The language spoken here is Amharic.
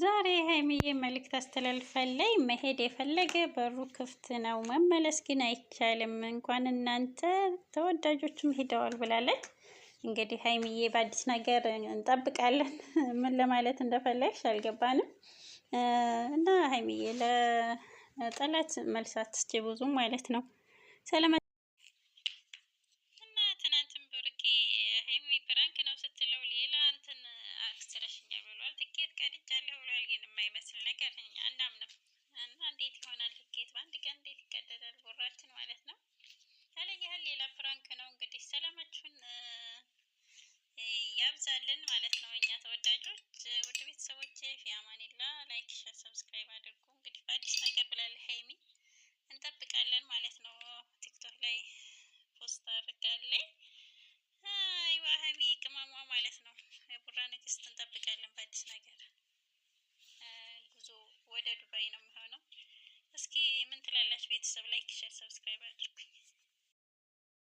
ዛሬ ሀይሚዬ መልእክት አስተላልፋለች። መሄድ የፈለገ በሩ ክፍት ነው፣ መመለስ ግን አይቻልም። እንኳን እናንተ ተወዳጆችም ሄደዋል ብላለች። እንግዲህ ሀይሚዬ በአዲስ ነገር እንጠብቃለን። ምን ለማለት እንደፈለግሽ አልገባንም። እና ሀይሚዬ ለጠላት መልስ አትስጪ ብዙ ማለት ነው። ሰላም እና ትናንትም ብሩኬ ሀይሚ ፕራንክ ነው ስትለው ሌላ እንትን ተቀድጃለሁ ብሏል። ግን የማይመስል ነገር አናምንም እና እንዴት ይሆናል ልኬት በአንድ ቀን እንዴት ይቀደዳል ቦራችን ማለት ነው። ያለ ያህል ሌላ ፍራንክ ነው እንግዲህ ሰላማችሁን ያብዛልን ማለት ነው። እኛ ተወዳጆች ውድ ቤተሰቦቼ ፊያማኒላ ላይክ፣ ሸር፣ ሰብስክራይብ አድርጉ። እንግዲህ በአዲስ ነገር ብላል ሀይሚ እንጠብቃለን ማለት ነው። ቲክቶክ ላይ ፖስት አድርጋለች። ወደ ዱባይ ነው የሚሆነው። እስኪ ምን ትላላችሁ ቤተሰብ? ላይክ፣ ሸር፣ ሰብስክራይብ አድርጉኝ።